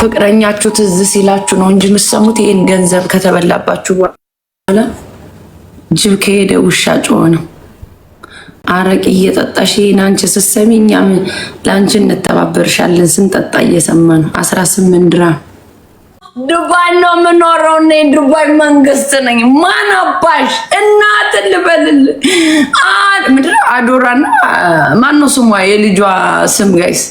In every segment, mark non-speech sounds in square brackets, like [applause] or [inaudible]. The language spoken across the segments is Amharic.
ፍቅረኛችሁ ትዝ ሲላችሁ ነው እንጂ የምትሰሙት። ይህን ገንዘብ ከተበላባችሁ በኋላ ጅብ ከሄደ ውሻ ጮኸ ነው። አረቅ እየጠጣሽ ይህን አንቺ ስትሰሚ እኛም ለአንቺ እንተባበርሻለን። ስንጠጣ እየሰማ ነው። አስራ ስምንት ድራ ዱባይ ነው የምኖረው እኔ ዱባይ መንግስት ነኝ። ማን አባሽ እናትን ልበልል ምድር አዶራና ማነው ስሟ የልጇ ስም ጋይስ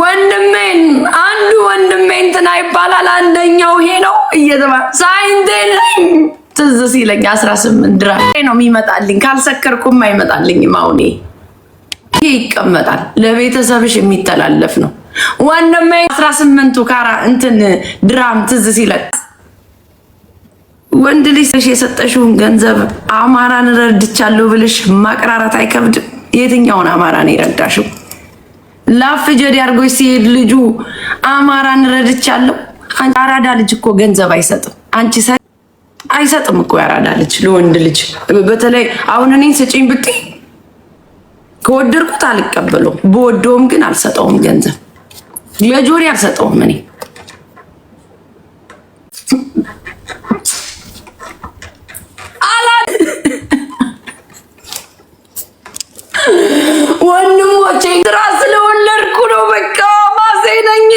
ወንድሜን አንዱ ወንድሜ እንትና ይባላል፣ አንደኛው ይሄ ነው እየተባ ሳይንቴ ነኝ ትዝ ሲለኝ አስራ ስምንት ድራ ነው የሚመጣልኝ። ካልሰከርኩም አይመጣልኝም። አሁን ይሄ ይቀመጣል፣ ለቤተሰብሽ የሚተላለፍ ነው። ወንድሜ አስራ ስምንቱ ካራ እንትን ድራም ትዝ ሲለኝ ወንድ ልጅ የሰጠሽውን ገንዘብ አማራን ረድቻለሁ ብልሽ ማቅራራት አይከብድም? የትኛውን አማራን የረዳሽው? ላፍ ጀዴ አድርጎች ሲሄድ ልጁ አማራን ረድቻለሁ። አራዳ ልጅ እኮ ገንዘብ አይሰጥም። አንቺ አይሰጥም እኮ ያራዳ ልጅ ለወንድ ልጅ በተለይ አሁን እኔን ስጪኝ ብትይ ከወደድኩት አልቀበለውም። በወደውም ግን አልሰጠውም ገንዘብ ለጆሪ አልሰጠውም እኔ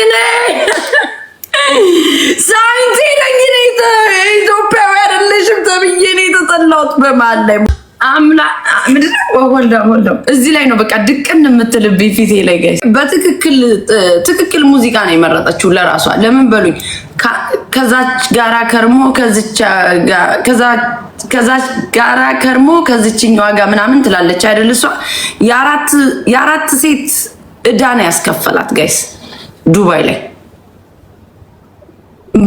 እኔ ሳይንሴ ነኝ እኔ ኢትዮጵያዊ አይደለሽም ተብዬ እኔ የተጠላሁት በመሀል ላይ እዚህ ላይ ነው በቃ ድቅን የምትልብኝ ፊቴ ላይ ጋይ በትክክል ትክክል ሙዚቃ ነው የመረጠችው ለራሷ። ለምን በሉኝ ከዛች ጋራ ከርሞ ከዛች ጋራ ከርሞ ከዝችኛዋ ጋር ምናምን ትላለች አይደል? እሷ የአራት ሴት እዳ ነው ያስከፈላት ጋይስ ዱባይ ላይ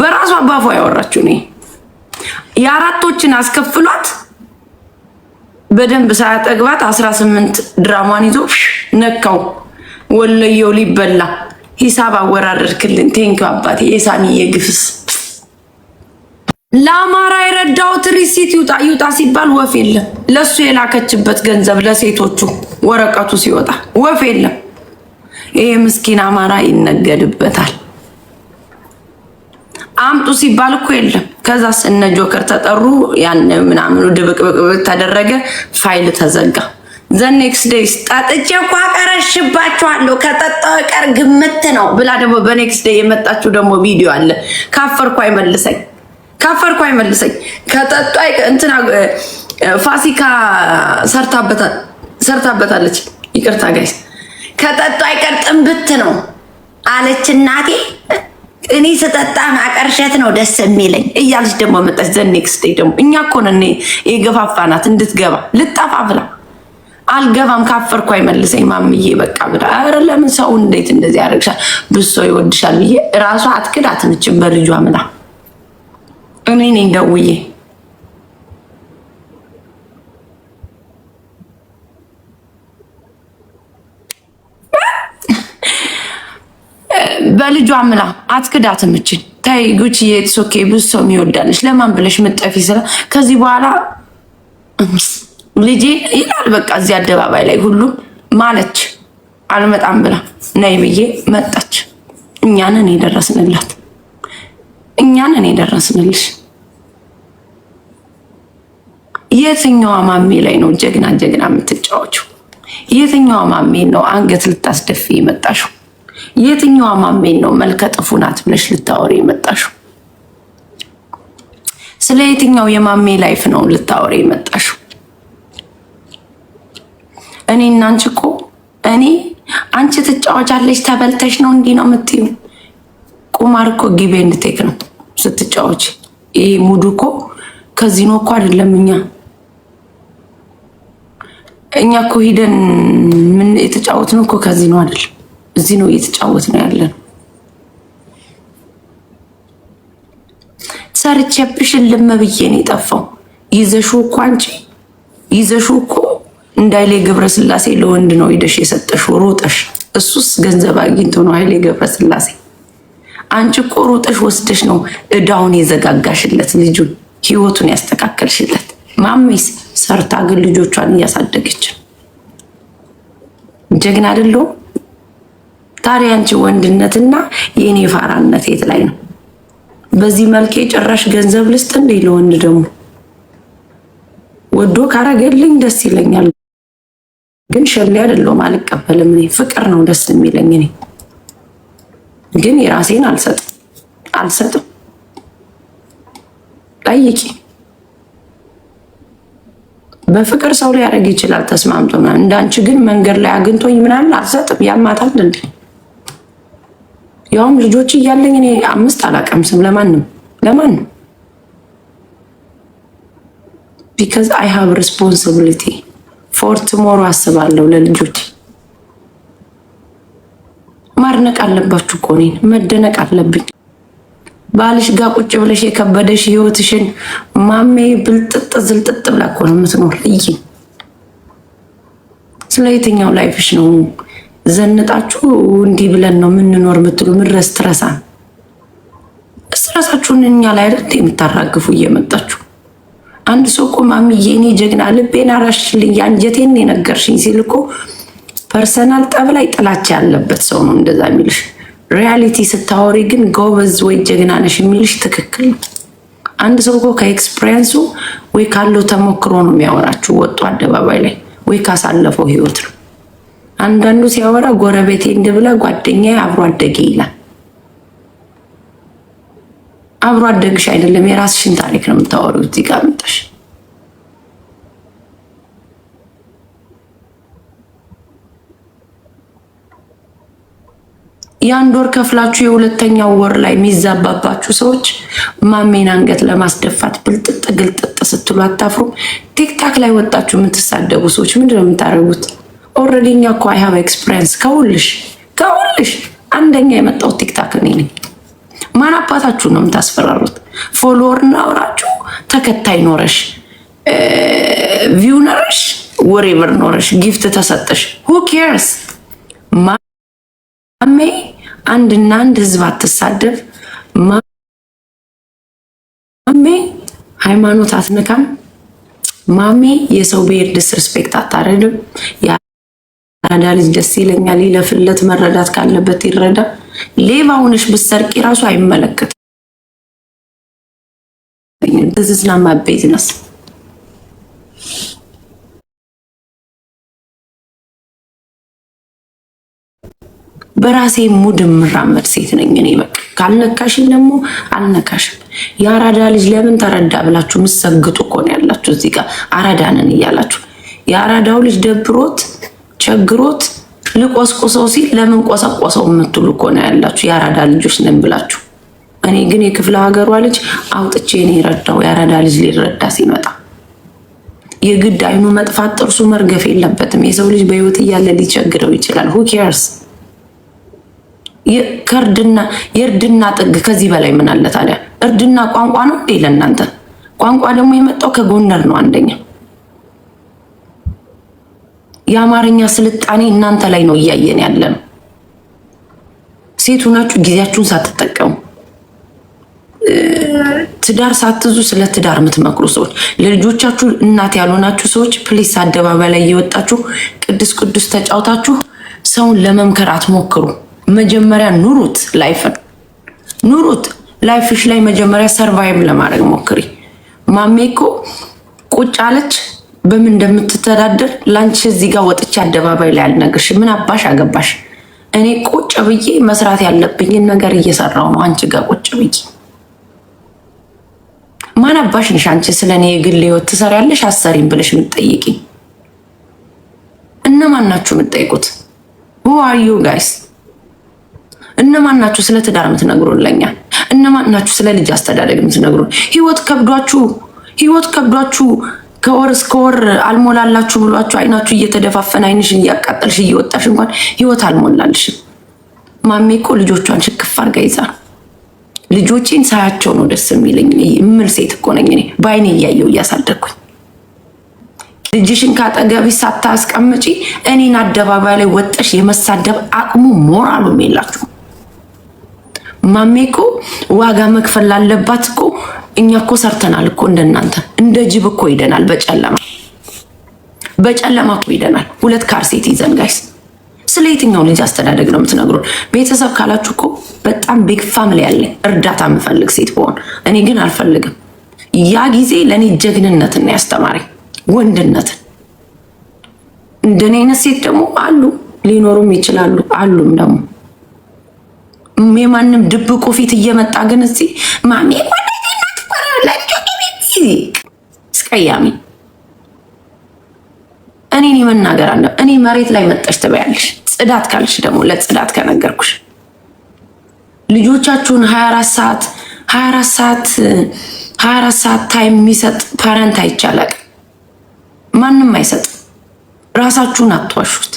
በራሷ አባፏ ያወራችሁ ነው። የአራቶችን አስከፍሏት በደንብ ሳያጠግባት 18 ድራማን ይዞ ነካው። ወለየው ሊበላ ሂሳብ አወራረድክልን። ቴንኪ አባት የሳሚ ግፍስ ለአማራ የረዳሁት ሪሲት ይውጣ ይውጣ ሲባል ወፍ የለም። ለእሱ የላከችበት ገንዘብ ለሴቶቹ ወረቀቱ ሲወጣ ወፍ የለም። ይሄ ምስኪን አማራ ይነገድበታል። አምጡ ሲባል እኮ የለም። ከዛ እነ ጆከር ተጠሩ፣ ያን ምናምኑ ድብቅብቅብቅ ተደረገ፣ ፋይል ተዘጋ። ዘኔክስ ዴይስ ጠጥቼ እኮ አቀረሽባችኋለሁ ከጠጣሁ ቀር ግምት ነው ብላ ደግሞ በኔክስት ዴይ የመጣችሁ ደግሞ ቪዲዮ አለ። ካፈርኩ አይመልሰኝ፣ ካፈርኩ አይመልሰኝ። ከጠጡ እንትና ፋሲካ ሰርታበታለች። ይቅርታ ጋይስ ከጠጡ አይቀር ጥንብት ነው አለች እናቴ። እኔ ስጠጣ አቀርሸት ነው ደስ የሚለኝ እያለች ደግሞ መጣች። ዘኔክስቴ ደግሞ እኛ እኮ ነን የገፋፋናት እንድትገባ ልጠፋ ብላ አልገባም ካፈርኩ አይመልሰኝ ማምዬ በቃ ብላ፣ ኧረ ለምን ሰው እንዴት እንደዚህ ያደርግሻል? ብሶ ሰው ይወድሻል ብዬ ራሷ አትክድ አትምችም በልጇ ምላ እኔ ነኝ ደውዬ በልጇ ምላ አትክዳት። ምችል ታይ ጉቺ የሶኬ ብዙ ሰው የሚወዳለች ለማን ብለሽ ምጠፊ ስላ ከዚህ በኋላ ልጄ ይላል በቃ እዚህ አደባባይ ላይ ሁሉም ማለች። አልመጣም ብላ ነይ ብዬ መጣች። እኛንን የደረስንላት እኛንን የደረስንልሽ። የትኛዋ ማሜ ላይ ነው ጀግና ጀግና የምትጫወችው? የትኛዋ ማሜ ነው አንገት ልታስደፊ የመጣሽው? የትኛዋ ማሜን ነው መልከ ጥፉ ናት ብለሽ ልታወሪ የመጣሽው? ስለ የትኛው የማሜ ላይፍ ነው ልታወሪ የመጣሽው? እኔ እናንቺ እኮ እኔ አንቺ ትጫወቻለሽ ተበልተሽ ነው እንዲህ ነው የምትይው። ቁማር እኮ ጊቤ እንድቴክ ነው ስትጫወች። ይሄ ሙዱ እኮ ነው እኮ አይደለም። እኛ እኛ እኮ ሂደን ምን የተጫወት ነው እኮ አይደለም። እዚህ ነው እየተጫወት ነው ያለን። ሰርቼብሽን ልመብዬ ነው የጠፋው። ይዘሹ እኮ አንቺ ይዘሹ እኮ እንዳይሌ ገብረስላሴ ለወንድ ነው ሂደሽ የሰጠሽው ሮጠሽ። እሱስ ገንዘብ አግኝቶ ነው ኃይሌ ገብረስላሴ። አንቺ እኮ ሮጠሽ ወስደሽ ነው እዳውን የዘጋጋሽለት ልጁን ህይወቱን ያስተካከልሽለት። ማሚስ ሰርታ ግን ልጆቿን እያሳደገች ጀግና አይደለሁም ታዲያ አንቺ ወንድነትና የእኔ ፋራነት የት ላይ ነው? በዚህ መልኬ ጭራሽ ገንዘብ ልስጥ እንዴ? ለወንድ ደግሞ ወዶ ካረገልኝ ደስ ይለኛል፣ ግን ሸሌ አይደለሁም፣ አልቀበልም። እኔ ፍቅር ነው ደስ የሚለኝ። እኔ ግን የራሴን አልሰጥም፣ አልሰጥም። ጠይቂ። በፍቅር ሰው ሊያደርግ ይችላል ተስማምቶ፣ እንዳንቺ ግን መንገድ ላይ አግኝቶኝ ምናምን አልሰጥም። ያማታል እንዴ? ያውም ልጆች እያለኝ እኔ አምስት ስም ለማንም ለማንም ቢካዝ አይ ሃቭ ሪስፖንሲቢሊቲ ፎር ትሞሮ አስባለሁ ለልጆች ማድነቅ አለባችሁ እኮ እኔን መደነቅ አለብኝ ባልሽ ጋር ቁጭ ብለሽ የከበደሽ ህይወትሽን ማሜ ብልጥጥ ዝልጥጥ ብላ እኮ ነው የምትኖር እይ ስለ የትኛው ላይፍሽ ነው ዘንጣችሁ እንዲህ ብለን ነው የምንኖር የምትሉ ምድረስ ትረሳ እስራሳችሁን እኛ ላይ አይደል የምታራግፉ እየመጣችሁ አንድ ሰው እኮ ማሚዬ የኔ ጀግና ልቤን አራሽልኝ የአንጀቴን የነገርሽኝ ሲል እኮ ፐርሰናል ጠብ ላይ ጥላቻ ያለበት ሰው ነው እንደዛ የሚልሽ። ሪያሊቲ ስታወሪ ግን ጎበዝ ወይ ጀግና ነሽ የሚልሽ ትክክል ነው። አንድ ሰው እኮ ከኤክስፒሪየንሱ ወይ ካለው ተሞክሮ ነው የሚያወራችሁ ወጡ አደባባይ ላይ ወይ ካሳለፈው ህይወት ነው። አንዳንዱ ሲያወራ ጎረቤቴ እንድብላ ጓደኛ አብሮ አደጌ ይላል። አብሮ አደግሽ አይደለም፣ የራስሽን ታሪክ ነው የምታወሪው። እዚህ ጋር መጣሽ የአንድ ወር ከፍላችሁ የሁለተኛው ወር ላይ የሚዛባባችሁ ሰዎች ማሜን አንገት ለማስደፋት ብልጥጥ ግልጥጥ ስትሉ አታፍሩም? ቲክታክ ላይ ወጣችሁ የምትሳደቡ ሰዎች ምንድነው የምታደርጉት? ኦልሬዲ እኛ እኮ አይ ሀብ ኤክስፒሪየንስ ከሁልሽ ከሁልሽ አንደኛ የመጣው ቲክታክ እኔ ነኝ። ማን አባታችሁ ነው የምታስፈራሩት? ፎሎወር እናውራችሁ ተከታይ ኖረሽ ቪው ኖረሽ ወሬቨር ኖረሽ ጊፍት ተሰጠሽ ሁ ኬርስ ማሜ አንድና አንድ ህዝብ አትሳደብ ማሜ ሃይማኖት አትነካም ማሜ የሰው ብሄር ዲስሪስፔክት አታደርግም። የተረዳ ልጅ ደስ ይለኛል። ይለፍለት፣ መረዳት ካለበት ይረዳ። ሌባ ሆነሽ ብትሰርቂ ራሱ አይመለከትም። ዝዝናማ ቢዝነስ በራሴ ሙድ የምራመድ ሴት ነኝ እኔ። በቃ ካልነካሽን ደግሞ አልነካሽም። የአራዳ ልጅ ለምን ተረዳ ብላችሁ ምሰግጡ እኮ ነው ያላችሁ። እዚህ ጋር እያላችሁ የአራዳው ልጅ ደብሮት ቸግሮት ልቆስቁሰው ሲል ለምን ቆሰቆሰው የምትሉ እኮ ነው ያላችሁ። የአራዳ ልጆች ነን ብላችሁ። እኔ ግን የክፍለ ሀገሯ ልጅ አውጥቼ ነው የረዳው። የአራዳ ልጅ ሊረዳ ሲመጣ የግድ አይኑ መጥፋት ጥርሱ መርገፍ የለበትም። የሰው ልጅ በህይወት እያለ ሊቸግረው ይችላል። ሁ ኬርስ ከእርድና የእርድና ጥግ ከዚህ በላይ ምን አለ ታዲያ? እርድና ቋንቋ ነው ለእናንተ። ቋንቋ ደግሞ የመጣው ከጎንደር ነው አንደኛ የአማርኛ ስልጣኔ እናንተ ላይ ነው እያየን ያለ ነው። ሴት ሆናችሁ ጊዜያችሁን ሳትጠቀሙ ትዳር ሳትዙ ስለ ትዳር የምትመክሩ ሰዎች፣ ለልጆቻችሁ እናት ያልሆናችሁ ሰዎች ፕሊስ አደባባይ ላይ እየወጣችሁ ቅዱስ ቅዱስ ተጫውታችሁ ሰውን ለመምከር አትሞክሩ። መጀመሪያ ኑሩት፣ ላይፍን ኑሩት። ላይፍሽ ላይ መጀመሪያ ሰርቫይቭ ለማድረግ ሞክሪ። ማሜ እኮ ቁጭ አለች በምን እንደምትተዳደር ላንቺ እዚህ ጋር ወጥቼ አደባባይ ላይ አልነግርሽ። ምን አባሽ አገባሽ? እኔ ቁጭ ብዬ መስራት ያለብኝን ነገር እየሰራው ነው። አንቺ ጋር ቁጭ ብዬ ማን አባሽ ነሽ አንቺ? ስለ እኔ የግል ህይወት ትሰሪያለሽ አሰሪም ብለሽ የምትጠይቂ እነማን ናችሁ የምትጠይቁት? ሁ አር ዩ ጋይስ? እነማን ናችሁ ስለ ትዳር የምትነግሩን ለኛ? እነማን ናችሁ ስለ ልጅ አስተዳደግ የምትነግሩን? ህይወት ከብዷችሁ ህይወት ከብዷችሁ ከወር እስከ ወር አልሞላላችሁ ብሏችሁ አይናችሁ እየተደፋፈን አይንሽን እያቃጠልሽ እየወጣሽ እንኳን ህይወት አልሞላልሽም። ማሜ እኮ ልጆቿን ሽክፍ አርጋ ይዛ ልጆቼን ሳያቸው ነው ደስ የሚለኝ። ምን ሴት እኮ ነኝ እኔ በአይኔ እያየው እያሳደግኩኝ ልጅሽን ካጠገብሽ ሳታስቀምጪ እኔን አደባባይ ላይ ወጠሽ የመሳደብ አቅሙ ሞራሉም የላችሁ። ማሜ እኮ ዋጋ መክፈል ላለባት እኮ እኛ እኮ ሰርተናል እኮ እንደናንተ እንደ ጅብ እኮ ሄደናል። በጨለማ በጨለማ እኮ ሄደናል። ሁለት ካርሴት ይዘን ጋይስ፣ ስለ የትኛው ልጅ አስተዳደግ ነው የምትነግሩን? ቤተሰብ ካላችሁ እኮ በጣም ቢግ ፋሚሊ ያለኝ እርዳታ የምፈልግ ሴት በሆን፣ እኔ ግን አልፈልግም። ያ ጊዜ ለእኔ ጀግንነትና ያስተማሪ ያስተማረኝ፣ ወንድነትን። እንደኔ አይነት ሴት ደግሞ አሉ ሊኖሩም ይችላሉ፣ አሉም ደግሞ የማንም ድብቁ ፊት እየመጣ ግን እዚህ ማሜ ስቀያሚ እኔን መናገር አለ እኔ መሬት ላይ መጠሽ ትበያለሽ። ጽዳት ካልሽ ደግሞ ለጽዳት ከነገርኩሽ ልጆቻችሁን 24 ሰዓት ሰዓት ሰዓት ታይም የሚሰጥ ፓረንት አይቻላል። ማንም አይሰጥም። ራሳችሁን አትዋሹት።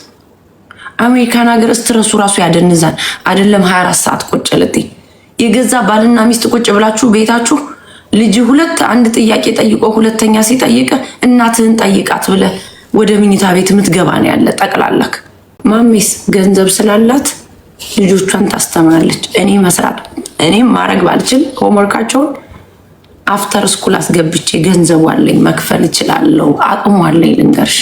አሜሪካን ሀገር ስትረሱ ራሱ ያደንዛል። አይደለም 24 ሰዓት ቁጭ ልጤ የገዛ ባልና ሚስት ቁጭ ብላችሁ ቤታችሁ ልጅ ሁለት አንድ ጥያቄ ጠይቆ ሁለተኛ ሲጠይቅ እናትህን ጠይቃት ብለ ወደ ምኝታ ቤት የምትገባ ነው ያለ ጠቅላላክ። ማሚስ ገንዘብ ስላላት ልጆቿን ታስተምራለች። እኔ መስራት እኔም ማድረግ ባልችል ሆምወርካቸውን አፍተር ስኩል አስገብቼ ገንዘቡ አለኝ መክፈል እችላለሁ። አቅሙ አለኝ ልንገርሽ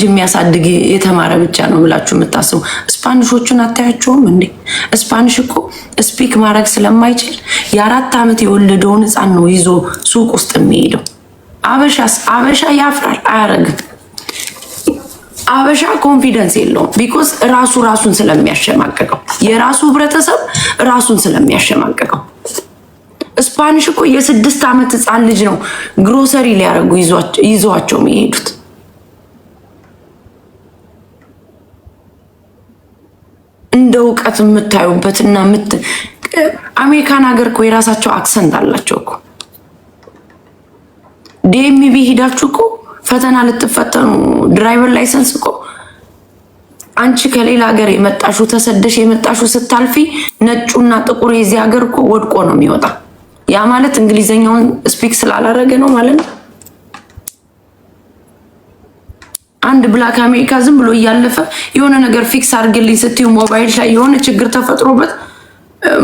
ልጅ የሚያሳድግ የተማረ ብቻ ነው ብላችሁ የምታስቡ ስፓኒሾቹን አታያቸውም እንዴ? ስፓንሽ እኮ ስፒክ ማድረግ ስለማይችል የአራት ዓመት የወለደውን ህፃን ነው ይዞ ሱቅ ውስጥ የሚሄደው። አበሻስ አበሻ ያፍራል፣ አያረግም። አበሻ ኮንፊደንስ የለውም። ቢኮዝ ራሱ ራሱን ስለሚያሸማቀቀው የራሱ ህብረተሰብ ራሱን ስለሚያሸማቀቀው። ስፓኒሽ እኮ የስድስት ዓመት ህፃን ልጅ ነው ግሮሰሪ ሊያደርጉ ይዟቸው የሚሄዱት። እንደ እውቀት የምታዩበትና አሜሪካን ሀገር እኮ የራሳቸው አክሰንት አላቸው እኮ ዲኤምቪ ሂዳችሁ እኮ ፈተና ልትፈተኑ ድራይቨር ላይሰንስ እኮ አንቺ ከሌላ ሀገር የመጣሹ ተሰደሽ የመጣሹ ስታልፊ ነጩና ጥቁር የዚህ ሀገር እኮ ወድቆ ነው የሚወጣ። ያ ማለት እንግሊዘኛውን ስፒክ ስላላረገ ነው ማለት ነው። አንድ ብላክ አሜሪካ ዝም ብሎ እያለፈ የሆነ ነገር ፊክስ አድርግልኝ ስትዩ ሞባይል ላይ የሆነ ችግር ተፈጥሮበት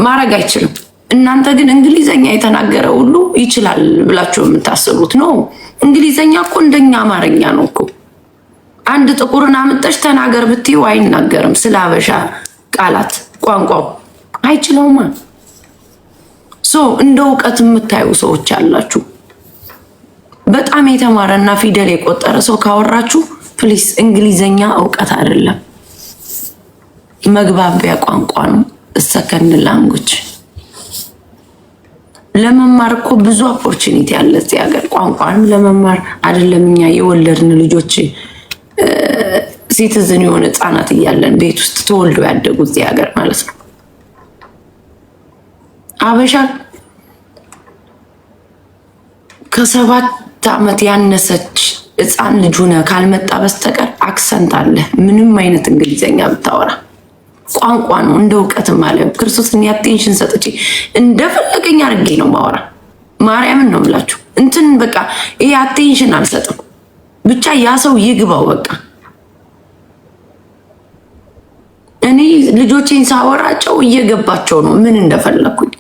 ማድረግ አይችልም። እናንተ ግን እንግሊዘኛ የተናገረ ሁሉ ይችላል ብላችሁ የምታስቡት ነው። እንግሊዘኛ እኮ እንደኛ አማርኛ ነው እኮ። አንድ ጥቁርን አምጠሽ ተናገር ብትዩ አይናገርም። ስለ ሀበሻ ቃላት ቋንቋው አይችለውም። ሶ እንደ እውቀት የምታዩ ሰዎች አላችሁ። በጣም የተማረና ፊደል የቆጠረ ሰው ካወራችሁ ፕሊስ እንግሊዘኛ እውቀት አይደለም፣ መግባቢያ ቋንቋ ነው። ሰከንድ ላንጉጅ ለመማር እኮ ብዙ ኦፖርቹኒቲ አለ እዚህ ሀገር። ቋንቋንም ለመማር አይደለም እኛ የወለድን ልጆች ሲቲዝን የሆነ ህጻናት እያለን ቤት ውስጥ ተወልዶ ያደጉ እዚህ ሀገር ማለት ነው። አበሻ ከሰባት ዓመት ያነሰች ህፃን ልጅ ሆነ ካልመጣ በስተቀር አክሰንት አለ። ምንም አይነት እንግሊዝኛ ብታወራ ቋንቋ ነው፣ እንደ እውቀትም አለ። ክርስቶስ ያቴንሽን አቴንሽን ሰጥቼ እንደፈለገኝ አድርጌ ነው ማወራ። ማርያምን ነው የምላችሁ። እንትን በቃ ይሄ አቴንሽን አልሰጥም። ብቻ ያ ሰው ይግባው በቃ እኔ ልጆቼን ሳወራቸው እየገባቸው ነው ምን እንደፈለግኩኝ።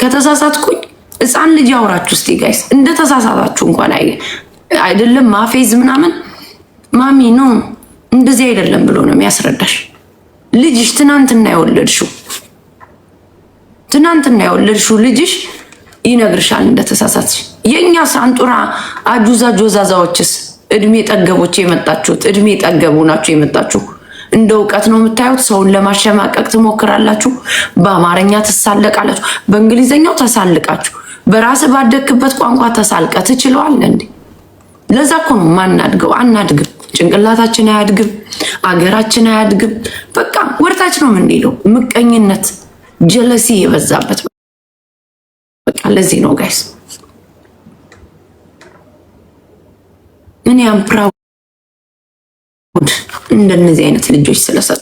ከተሳሳትኩኝ ህፃን ልጅ አውራችሁ እስቲ ጋይስ እንደ ተሳሳታችሁ እንኳን አይ አይደለም ማፌዝ ምናምን ማሚ ኖ እንደዚህ አይደለም ብሎ ነው የሚያስረዳሽ። ልጅሽ ትናንትና የወለድሽው ትናንትና የወለድሽው ልጅሽ ይነግርሻል እንደተሳሳትሽ። የእኛ ሳንጡራ አጁዛ ጆዛዛዎችስ እድሜ ጠገቦች የመጣችሁት እድሜ ጠገቡ ናችሁ የመጣችሁ እንደ እውቀት ነው የምታዩት። ሰውን ለማሸማቀቅ ትሞክራላችሁ። በአማርኛ ትሳለቃላችሁ፣ በእንግሊዝኛው ተሳልቃችሁ፣ በራስ ባደግክበት ቋንቋ ተሳልቀ ትችለዋል እንዴ? ለዛ እኮ ነው ማናድገው። አናድግም፣ ጭንቅላታችን አያድግም፣ አገራችን አያድግም። በቃ ወርታችን ነው የምንሄደው። ምቀኝነት፣ ጀለሲ የበዛበት በቃ ለዚህ ነው ጋይስ። ምን ያም ፕራውድ እንደነዚህ አይነት ልጆች ስለሰጡ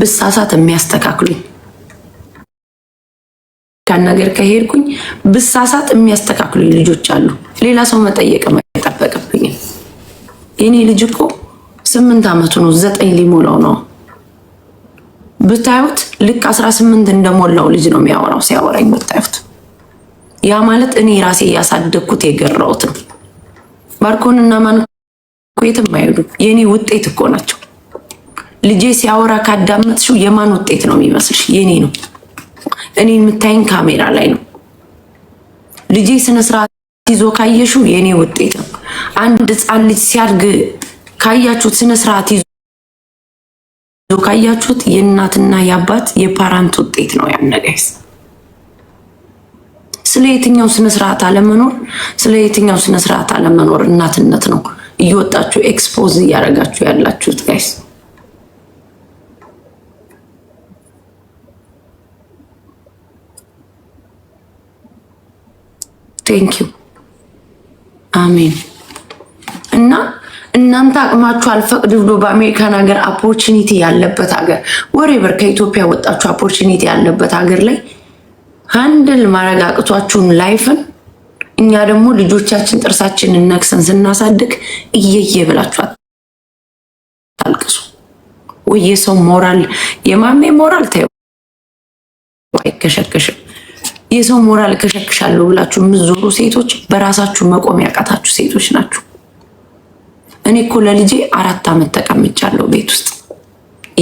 ብሳሳት የሚያስተካክሉኝ ዳን ነገር ከሄድኩኝ ብሳሳት የሚያስተካክሉኝ ልጆች አሉ። ሌላ ሰው መጠየቅ አይጠበቅብኝም። የኔ ልጅ እኮ ስምንት ዓመቱ ነው፣ ዘጠኝ ሊሞላው ነው። ብታዩት ልክ አስራ ስምንት እንደሞላው ልጅ ነው የሚያወራው ሲያወራኝ ብታዩት። ያ ማለት እኔ ራሴ እያሳደግኩት የገራሁትን ባርኮን እና ማን የትም አይሄዱ ውጤት እኮ ናቸው። ልጄ ሲያወራ ካዳመጥሽው የማን ውጤት ነው የሚመስልሽ? የኔ ነው። እኔ የምታይኝ ካሜራ ላይ ነው። ልጄ ስርዓት ይዞ ካየሹ የእኔ ውጤት ነው። አንድ ህፃን ልጅ ሲያድግ ካያችሁት፣ ስነስርዓት ይዞ ካያችሁት የእናትና የአባት የፓራንት ውጤት ነው። ያነገስ ስለ የትኛው ስነስርዓት አለመኖር ስለ የትኛው ስርዓት አለመኖር እናትነት ነው እየወጣችሁ ኤክስፖዝ እያደረጋችሁ ያላችሁት ጋይስ ቴንኪ አሜን። እና እናንተ አቅማችሁ አልፈቅድ ብሎ በአሜሪካን ሀገር አፖርቹኒቲ ያለበት ሀገር ወሬበር ከኢትዮጵያ ወጣችሁ አፖርቹኒቲ ያለበት ሀገር ላይ ሀንድል ማድረግ አቅቷችሁን ላይፍን እኛ ደግሞ ልጆቻችን ጥርሳችንን ነክሰን ስናሳድግ እየየ ብላችሁ አታልቅሱ። ወይ የሰው ሞራል የማሜ ሞራል ተይው አይከሸከሽም። የሰው ሞራል ከሸክሻለሁ ብላችሁ የምትዞሩ ሴቶች በራሳችሁ መቆም ያቃታችሁ ሴቶች ናችሁ። እኔ እኮ ለልጄ አራት ዓመት ተቀምጫለሁ ቤት ውስጥ።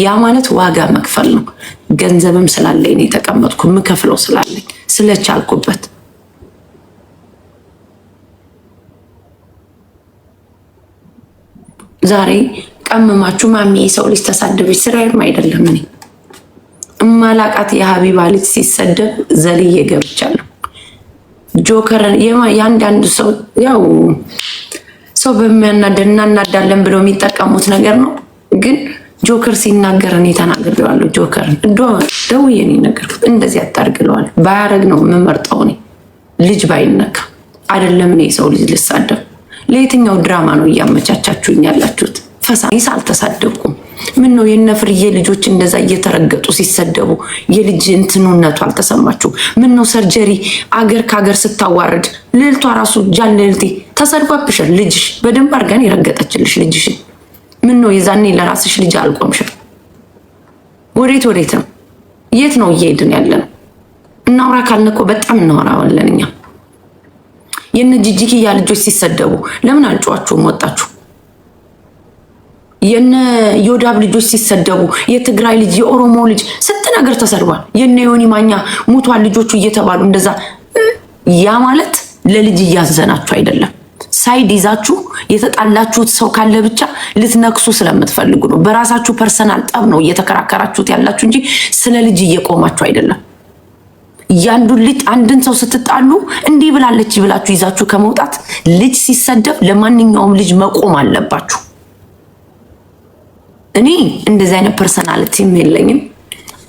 ያ ማለት ዋጋ መክፈል ነው። ገንዘብም ስላለኝ ነው የተቀመጥኩ፣ የምከፍለው ስላለኝ ስለቻልኩበት። ዛሬ ቀመማችሁ ማሚ፣ የሰው ልጅ ተሳደበች ስራዬም አይደለም እኔ እማላቃት የሀቢባ ልጅ ሲሰደብ ዘልዬ ገብቻለሁ። ጆከር የአንዳንዱ ሰው ያው ሰው በሚያናደ እናናዳለን ብለው የሚጠቀሙት ነገር ነው። ግን ጆከር ሲናገር እኔ ተናግሬዋለሁ። ጆከርን ደውዬ ነው የነገርኩት። እንደዚህ አታርግለዋል ባያረግ ነው የምመርጠው እኔ ልጅ ባይነካ አይደለም። እኔ ሰው ልጅ ልሳደብ ለየትኛው ድራማ ነው እያመቻቻችሁኝ ያላችሁት? ፈሳኒስ አልተሳደብኩም። ምን ነው የነፍርዬ ልጆች እንደዛ እየተረገጡ ሲሰደቡ የልጅ እንትኑነቱ አልተሰማችሁ? ምን ነው ሰርጀሪ አገር ከአገር ስታዋረድ ልልቷ ራሱ ጃን ልልቴ ተሰድባብሻል። ልጅሽ በደንብ አርገን የረገጠችልሽ ልጅሽን ምን ነው የዛኔ ለራስሽ ልጅ አልቆምሽም? ወዴት ወዴት ነው የት ነው እየሄድን ያለ ነው? እናውራ ካልን እኮ በጣም እናወራዋለን እኛ። የነ ልጆች ሲሰደቡ ለምን አልጮኋችሁም ወጣችሁ? የነ ዮዳብ ልጆች ሲሰደቡ የትግራይ ልጅ የኦሮሞ ልጅ ስንት ነገር ተሰድቧል። የነ ዮኒ ማኛ ሙቷል ልጆቹ እየተባሉ እንደዛ። ያ ማለት ለልጅ እያዘናችሁ አይደለም። ሳይድ ይዛችሁ የተጣላችሁት ሰው ካለ ብቻ ልትነክሱ ስለምትፈልጉ ነው። በራሳችሁ ፐርሰናል ጠብ ነው እየተከራከራችሁት ያላችሁ እንጂ ስለ ልጅ እየቆማችሁ አይደለም። ያንዱን ልጅ አንድን ሰው ስትጣሉ እንዲህ ብላለች ብላችሁ ይዛችሁ ከመውጣት ልጅ ሲሰደብ ለማንኛውም ልጅ መቆም አለባችሁ። እኔ እንደዚህ አይነት ፐርሰናልቲም የለኝም።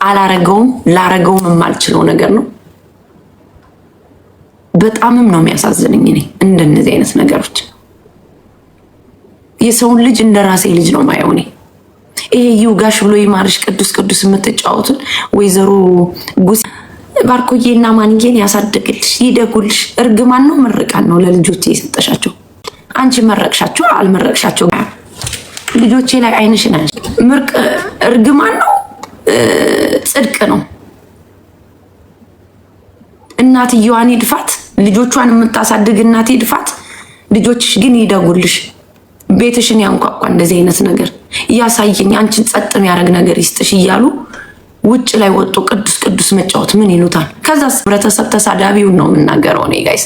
አላረገውም፣ ላረገውም የማልችለው ነገር ነው። በጣምም ነው የሚያሳዝንኝ። እኔ እንደነዚህ አይነት ነገሮች የሰውን ልጅ እንደ ራሴ ልጅ ነው ማየው። እኔ ይሄ ይውጋሽ ብሎ ይማርሽ ቅዱስ ቅዱስ የምትጫወቱን ወይዘሮ ጉስ ባርኮዬና ማንጌን ያሳደግልሽ ይደጉልሽ። እርግማን ነው ምርቃን ነው ለልጆች የሰጠሻቸው። አንቺ መረቅሻቸው አልመረቅሻቸው ልጆቼ ላይ አይንሽ ምርቅ እርግማን ነው ጽድቅ ነው። እናትየዋን ይድፋት፣ ልጆቿን የምታሳድግ እናት ይድፋት። ልጆችሽ ግን ይደጉልሽ፣ ቤትሽን ያንኳኳ። እንደዚህ አይነት ነገር እያሳየኝ አንቺን ጸጥ የሚያደርግ ነገር ይስጥሽ እያሉ ውጭ ላይ ወጡ ቅዱስ ቅዱስ መጫወት ምን ይሉታል? ከዛ ህብረተሰብ ተሳዳቢውን ነው የምናገረው እኔ ጋይስ።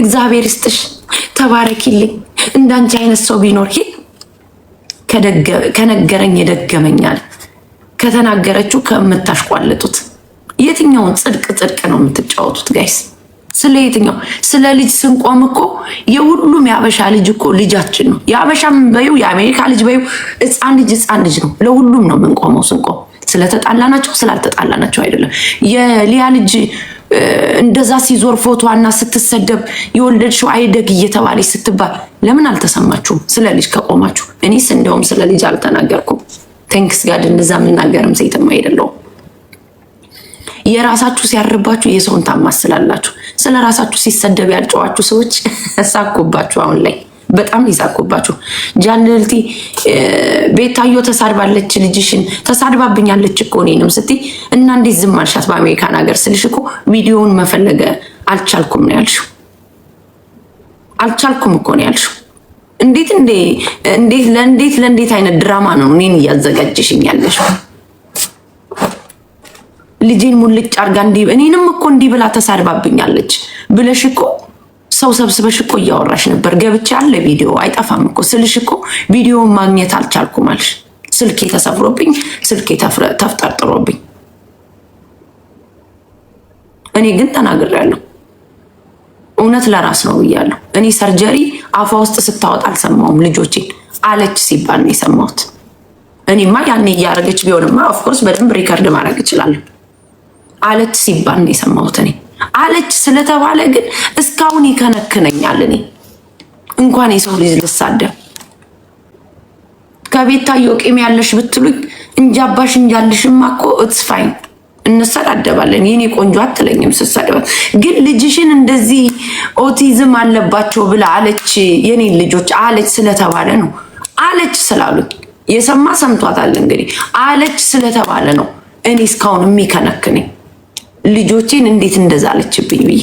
እግዚአብሔር ይስጥሽ፣ ተባረኪልኝ። እንዳንቺ አይነት ሰው ቢኖር ከነገረኝ የደገመኛል ከተናገረችው ከምታሽቋልጡት የትኛውን ጽድቅ ጽድቅ ነው የምትጫወቱት ጋይስ? ስለ የትኛው ስለ ልጅ ስንቆም እኮ የሁሉም የአበሻ ልጅ እኮ ልጃችን ነው። የአበሻም በዩ የአሜሪካ ልጅ በዩ ህፃን ልጅ ህፃን ልጅ ነው። ለሁሉም ነው የምንቆመው ስንቆም። ስለተጣላናቸው ስላልተጣላናቸው አይደለም። የሊያ ልጅ እንደዛ ሲዞር ፎቶዋና ስትሰደብ የወለድሽው አይደግ እየተባለች ስትባል ለምን አልተሰማችሁም? ስለ ልጅ ከቆማችሁ እኔስ እንደውም ስለ ልጅ አልተናገርኩም። ቴንክስ ጋድ እንደዛ የምናገርም ሴትም አይደለውም። የራሳችሁ ሲያርባችሁ የሰውን ታማስላላችሁ። ስለ ራሳችሁ ሲሰደብ ያልጨዋችሁ ሰዎች እሳኩባችሁ [laughs] አሁን ላይ በጣም ይሳቁባችሁ። ጃለልቲ ቤታዮ ተሳድባለች፣ ልጅሽን ተሳድባብኛለች እኮ እኔንም ስትይ እና እንዴት ዝም አልሻት? በአሜሪካን ሀገር ስልሽ እኮ ቪዲዮውን መፈለገ አልቻልኩም ነው ያልሽው። አልቻልኩም እኮ ነው ያልሽው። እንዴት እንዴት ለእንዴት ለእንዴት አይነት ድራማ ነው እኔን እያዘጋጀሽኝ ያለሽ? ልጄን ሙልጭ አርጋ እንዲህ እኔንም እኮ እንዲህ ብላ ተሳድባብኛለች ብለሽ እኮ ሰው ሰብስበሽ እኮ እያወራሽ ነበር። ገብቻ አለ ቪዲዮ አይጠፋም እኮ ስልሽ እኮ ቪዲዮን ማግኘት አልቻልኩም አልሽ። ስልኬ ተሰብሮብኝ፣ ስልኬ ተፍጠርጥሮብኝ። እኔ ግን ተናግሬያለሁ። እውነት ለራስ ነው ብያለሁ። እኔ ሰርጀሪ አፏ ውስጥ ስታወጣ አልሰማውም። ልጆቼን አለች ሲባል ነው የሰማሁት። እኔማ ያኔ እያደረገች ቢሆንማ ኦፍኮርስ በደንብ ሪከርድ ማድረግ እችላለሁ። አለች ሲባል ነው የሰማሁት እኔ አለች ስለተባለ ግን እስካሁን ይከነክነኛል። እኔ እንኳን የሰው ልጅ ልሳደብ ከቤታዮ ቂም ያለሽ ብትሉኝ እንጃባሽ እንጃልሽማ እኮ እትስፋኝ እንሰዳደባለን። የኔ ቆንጆ አትለኝም ስሰደባት። ግን ልጅሽን እንደዚህ ኦቲዝም አለባቸው ብላ አለች የኔ ልጆች አለች ስለተባለ ነው። አለች ስላሉኝ የሰማ ሰምቷታል። እንግዲህ አለች ስለተባለ ነው እኔ እስካሁን የሚከነክነኝ ልጆቼን እንዴት እንደዛ አለችብኝ ብዬ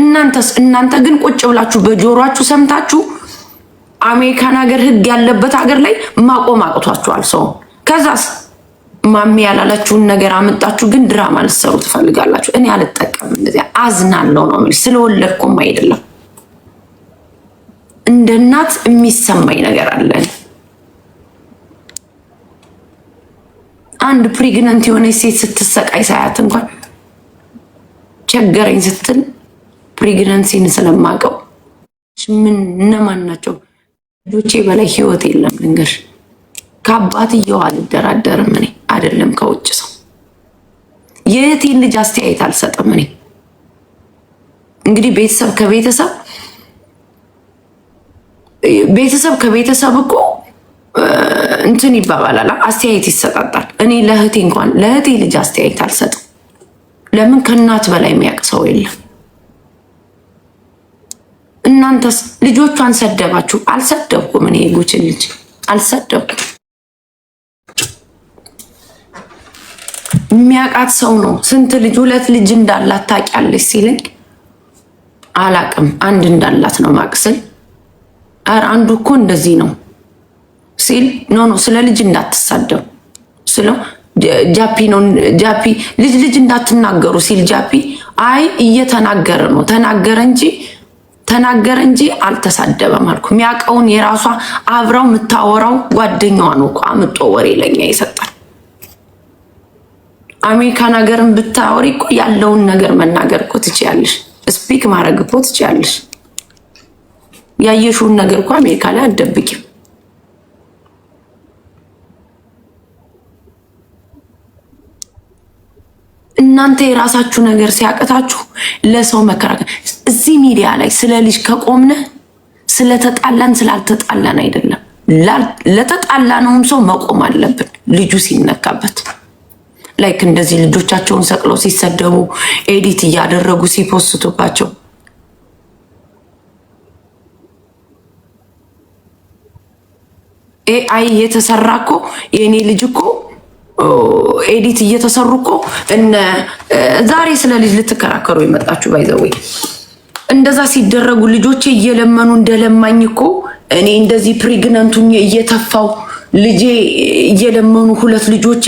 እናንተስ እናንተ ግን ቁጭ ብላችሁ በጆሯችሁ ሰምታችሁ አሜሪካን ሀገር ህግ ያለበት ሀገር ላይ ማቆም አቅቷችኋል ሰው ከዛስ ማሚ ያላላችሁን ነገር አመጣችሁ ግን ድራማ ልትሰሩ ትፈልጋላችሁ እኔ አልጠቀም እንደዚያ አዝናለሁ ነው የሚል ስለወለድኩም አይደለም እንደ እናት የሚሰማኝ ነገር አለን አንድ ፕሬግነንት የሆነች ሴት ስትሰቃይ ሳያት እንኳን ቸገረኝ ስትል ፕሪግነንሲን ስለማውቀው ምን እነማን ናቸው ልጆቼ በላይ ህይወት የለም። ልንገርሽ ከአባትየው አልደራደርም እኔ አይደለም ከውጭ ሰው የእህቴን ልጅ አስተያየት አልሰጥም እኔ እንግዲህ ቤተሰብ ከቤተሰብ ቤተሰብ ከቤተሰብ እኮ እንትን ይባባላል፣ አስተያየት ይሰጣጣል። እኔ ለእህቴ እንኳን ለእህቴ ልጅ አስተያየት አልሰጥም። ለምን ከእናት በላይ የሚያውቅ ሰው የለም። እናንተስ ልጆቿን ሰደባችሁ? አልሰደብኩም። እኔ የጉችን ልጅ አልሰደብኩም። የሚያውቃት ሰው ነው። ስንት ልጅ ሁለት ልጅ እንዳላት ታውቂያለሽ ሲልኝ አላቅም። አንድ እንዳላት ነው ማቅስል። አንዱ እኮ እንደዚህ ነው ሲል ኖ ኖ ስለ ልጅ እንዳትሳደቡ ስለው ጃፒ ነው ጃፒ ልጅ ልጅ እንዳትናገሩ ሲል ጃፒ አይ እየተናገረ ነው ተናገረ እንጂ ተናገረ እንጂ አልተሳደበም አልኩ። የሚያውቀውን የራሷ አብረው የምታወራው ጓደኛዋ ነው እኮ አምጦ ወሬ ለኛ ይሰጣል። አሜሪካን ሀገርን ብታወሪ እኮ ያለውን ነገር መናገር እኮ ትችያለሽ። ስፒክ ማድረግ እኮ ትችያለሽ። ያየሽውን ነገር እኮ አሜሪካ ላይ አትደብቂም። እናንተ የራሳችሁ ነገር ሲያቅታችሁ ለሰው መከራከር። እዚህ ሚዲያ ላይ ስለ ልጅ ከቆምነ ስለተጣላን ስላልተጣላን አይደለም፣ ለተጣላነውም ሰው መቆም አለብን። ልጁ ሲነካበት ላይክ እንደዚህ ልጆቻቸውን ሰቅለው ሲሰደቡ ኤዲት እያደረጉ ሲፖስቱባቸው ኤአይ የተሰራ እኮ የእኔ ልጅ እኮ ኤዲት እየተሰሩ እኮ እነ ዛሬ ስለ ልጅ ልትከራከሩ የመጣችሁ ባይዘዌ እንደዛ ሲደረጉ ልጆቼ እየለመኑ እንደለማኝ እኮ እኔ እንደዚህ ፕሬግነንቱ እየተፋው ልጄ እየለመኑ ሁለት ልጆቼ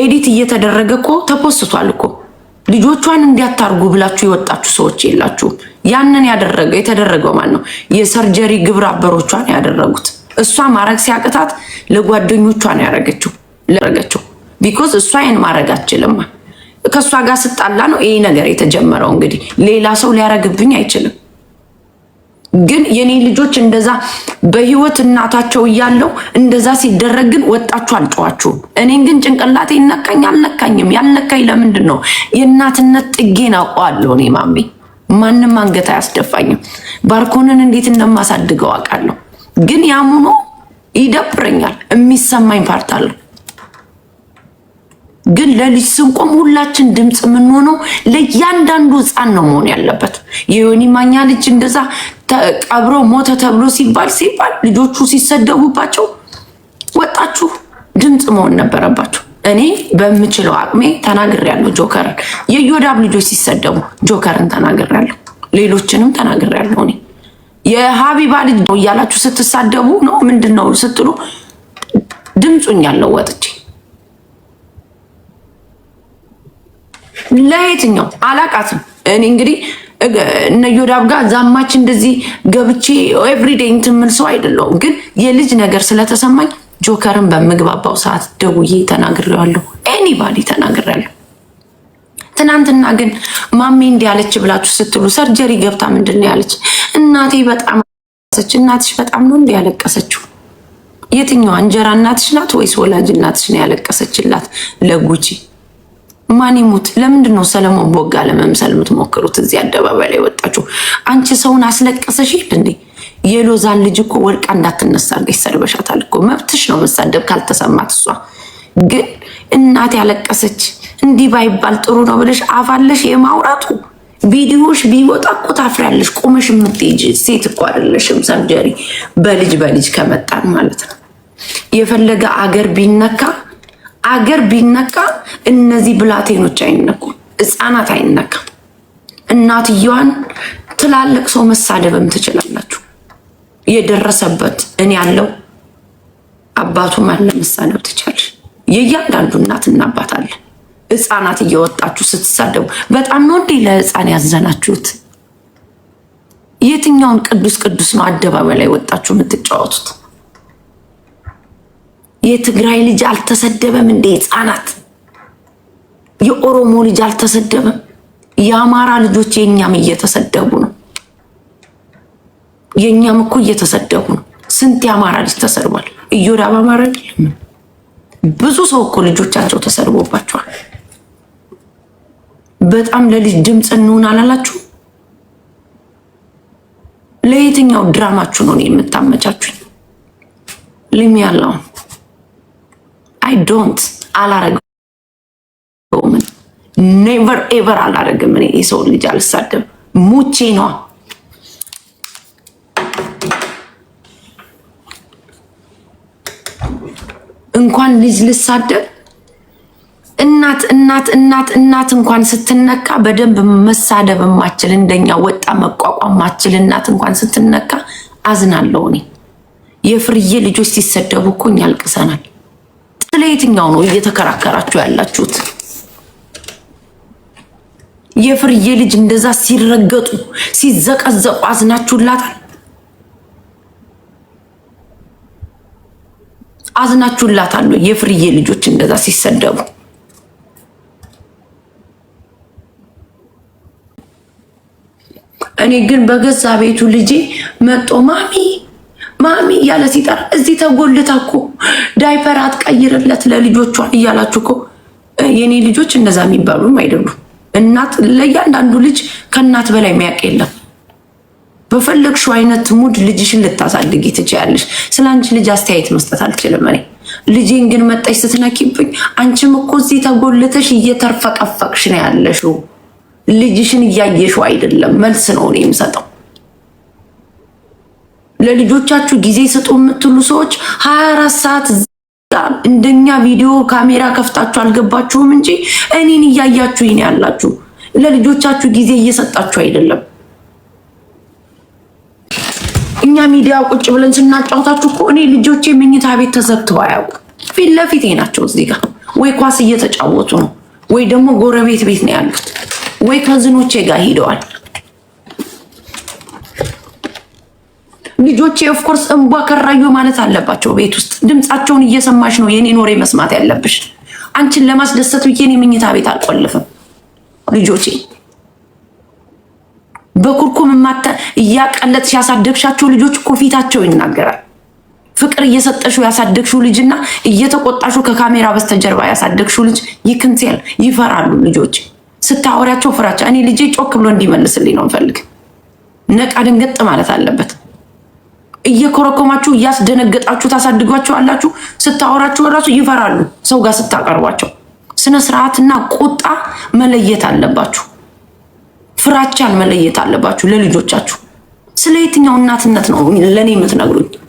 ኤዲት እየተደረገ እኮ ተፖስቷል እኮ። ልጆቿን እንዲያታርጉ ብላችሁ የወጣችሁ ሰዎች የላችሁም። ያንን ያደረገ የተደረገው ማን ነው? የሰርጀሪ ግብረ አበሮቿን ያደረጉት። እሷ ማድረግ ሲያቅታት ለጓደኞቿ ነው ያደረገችው። ለረገችው ቢኮዝ እሷ ይህን ማድረግ አትችልም። ከእሷ ጋር ስጣላ ነው ይህ ነገር የተጀመረው። እንግዲህ ሌላ ሰው ሊያረግብኝ አይችልም። ግን የኔ ልጆች እንደዛ በህይወት እናታቸው እያለው እንደዛ ሲደረግ ግን ወጣችሁ አልጨዋችሁም። እኔን ግን ጭንቅላቴ ይነካኝ አልነካኝም። ያልነካኝ ለምንድን ነው? የእናትነት ጥጌን አውቀዋለሁ። እኔ ማሜ ማንም አንገት አያስደፋኝም። ባርኮንን እንዴት እንደማሳድገው አውቃለሁ። ግን ያም ሆኖ ይደብረኛል። የሚሰማኝ ፓርት አለው ግን ለልጅ ስንቆም ሁላችን ድምፅ የምንሆነው ለእያንዳንዱ ህፃን ነው መሆን ያለበት። የዮኒ ማኛ ልጅ እንደዛ ቀብሮ ሞተ ተብሎ ሲባል ሲባል ልጆቹ ሲሰደቡባቸው ወጣችሁ ድምፅ መሆን ነበረባችሁ። እኔ በምችለው አቅሜ ተናግሬያለሁ። ጆከርን የዮዳብ ልጆች ሲሰደቡ ጆከርን ተናግሬያለሁ። ሌሎችንም ተናግሬያለሁ። እኔ የሀቢባ ልጅ ነው እያላችሁ ስትሳደቡ ነው ምንድን ነው ስትሉ ድምፁኝ ወጥቼ ለየትኛው አላቃትም። እኔ እንግዲህ እነ ዮዳብ ጋር ዛማች እንደዚህ ገብቼ ኤቭሪዴይ እንትን የምል ሰው አይደለሁም፣ ግን የልጅ ነገር ስለተሰማኝ ጆከርን በምግባባው ሰዓት ደውዬ ተናግሬዋለሁ። ኤኒባዲ ተናግሬያለሁ። ትናንትና ግን ማሜ እንዲህ ያለች ብላችሁ ስትሉ ሰርጀሪ ገብታ ምንድን ነው ያለች? እናቴ በጣም ያለቀሰች እናትሽ በጣም ነው እንዲህ ያለቀሰችው። የትኛዋ እንጀራ እናትሽ ናት ወይስ ወላጅ እናትሽ ነው ያለቀሰችላት ለጉቺ? ማን ይሙት? ለምንድን ነው ሰለሞን ቦጋ ለመምሰል የምትሞክሩት? እዚህ አደባባይ ላይ ወጣችሁ። አንቺ ሰውን አስለቀሰሽ እንዴ? የሎዛን ልጅ እኮ ወልቃ እንዳትነሳ አድርገሽ ሰድበሻታል እኮ። መብትሽ ነው መሳደብ ካልተሰማት። እሷ ግን እናት ያለቀሰች እንዲህ ባይባል ጥሩ ነው ብለሽ አፋለሽ የማውራቱ ቪዲዮሽ ቢወጣ እኮ ታፍሪያለሽ። ቁመሽ የምትሄጂ ሴት እኮ አይደለሽም። ሰርጀሪ በልጅ በልጅ ከመጣን ማለት ነው የፈለገ አገር ቢነካ አገር ቢነካ እነዚህ ብላቴኖች አይነኩም፣ ህፃናት አይነካም። እናትየዋን ትላልቅ ሰው መሳደብም ትችላላችሁ። የደረሰበት እኔ ያለው አባቱ ማን ለመሳደብ ትቻለሽ? የእያንዳንዱ እናትና አባት አለ። ህፃናት እየወጣችሁ ስትሳደቡ በጣም ነው እንዴ ለህፃን ያዘናችሁት። የትኛውን ቅዱስ ቅዱስ ነው አደባባይ ላይ ወጣችሁ የምትጫወቱት? የትግራይ ልጅ አልተሰደበም እንዴ? ህፃናት የኦሮሞ ልጅ አልተሰደበም? የአማራ ልጆች የእኛም እየተሰደቡ ነው። የእኛም እኮ እየተሰደቡ ነው። ስንት የአማራ ልጅ ተሰድቧል። እዮዳብ አማራ ብዙ ሰው እኮ ልጆቻቸው ተሰድቦባቸዋል። በጣም ለልጅ ድምፅ እንሆን አላላችሁ? ለየትኛው ድራማችሁ ነው የምታመቻችሁኝ? ልም ያለውን አይ ዶንት አላረገውም። ኔቨር ኤቨር አላረግም። እኔ የሰው ልጅ አልሳደብ ሙቼ ነዋ። እንኳን ልጅ ልሳደብ እናት እናት እናት እናት እንኳን ስትነካ በደንብ መሳደብ ማችል እንደኛ ወጣ መቋቋም ማችል እናት እንኳን ስትነካ አዝናለሁ። እኔ የፍርዬ ልጆች ሲሰደቡ እኮ እኛ አልቅሰናል። ስለ የትኛው ነው እየተከራከራችሁ ያላችሁት? የፍርዬ ልጅ እንደዛ ሲረገጡ ሲዘቀዘቁ አዝናችሁላታል? አዝናችሁላታል? የፍርዬ ልጆች እንደዛ ሲሰደቡ እኔ ግን በገዛ ቤቱ ልጄ መጦ ማሚ ማሚ እያለ ሲጠራ እዚህ ተጎልታ እኮ ዳይፐር አትቀይርለት ለልጆቿ እያላችሁ እኮ የኔ ልጆች እንደዛ የሚባሉም አይደሉም። እናት ለእያንዳንዱ ልጅ ከእናት በላይ ሚያውቅ የለም። በፈለግሽው አይነት ሙድ ልጅሽን ልታሳድጊ ትችያለሽ። ስለ አንቺ ልጅ አስተያየት መስጠት አልችልም እኔ። ልጄን ግን መጠሽ ስትነኪብኝ፣ አንቺም እኮ እዚህ ተጎልተሽ እየተርፈቀፈቅሽ ነው ያለሽው። ልጅሽን እያየሽው አይደለም። መልስ ነው እኔ የምሰጠው። ለልጆቻችሁ ጊዜ ስጡ የምትሉ ሰዎች 24 ሰዓት እንደኛ ቪዲዮ ካሜራ ከፍታችሁ አልገባችሁም እንጂ እኔን እያያችሁ ይኔ ያላችሁ ለልጆቻችሁ ጊዜ እየሰጣችሁ አይደለም። እኛ ሚዲያ ቁጭ ብለን ስናጫውታችሁ እኮ እኔ ልጆቼ መኝታ ቤት ተዘግተው አያውቁ። ፊት ለፊቴ ናቸው። እዚህ ጋር ወይ ኳስ እየተጫወቱ ነው፣ ወይ ደግሞ ጎረቤት ቤት ነው ያሉት፣ ወይ ከዝኖቼ ጋር ሂደዋል። ልጆቼ ኦፍኮርስ እንቧ ከራዩ ማለት አለባቸው። ቤት ውስጥ ድምፃቸውን እየሰማሽ ነው የኔ ኖሬ መስማት ያለብሽ። አንቺን ለማስደሰት ብዬ እኔ ምኝታ ቤት አልቆልፍም። ልጆቼ በኩርኩም ማታ እያቀለጥሽ ያሳደግሻቸው ልጆች እኮ ፊታቸው ይናገራል። ፍቅር እየሰጠሽው ያሳደግሽው ልጅና እየተቆጣሽው ከካሜራ በስተጀርባ ያሳደግሽው ልጅ ይክንሴል ይፈራሉ። ልጆች ስታወሪያቸው ፍራቻ። እኔ ልጄ ጮክ ብሎ እንዲመልስልኝ ነው እንፈልግ። ነቃ ድንገጥ ማለት አለበት። እየኮረኮማችሁ እያስደነገጣችሁ ታሳድጓቸው አላችሁ። ስታወራችሁ እራሱ ይፈራሉ። ሰው ጋር ስታቀርቧቸው ስነ ስርዓትና ቁጣ መለየት አለባችሁ። ፍራቻን መለየት አለባችሁ ለልጆቻችሁ። ስለ የትኛው እናትነት ነው ለእኔ የምትነግሩኝ?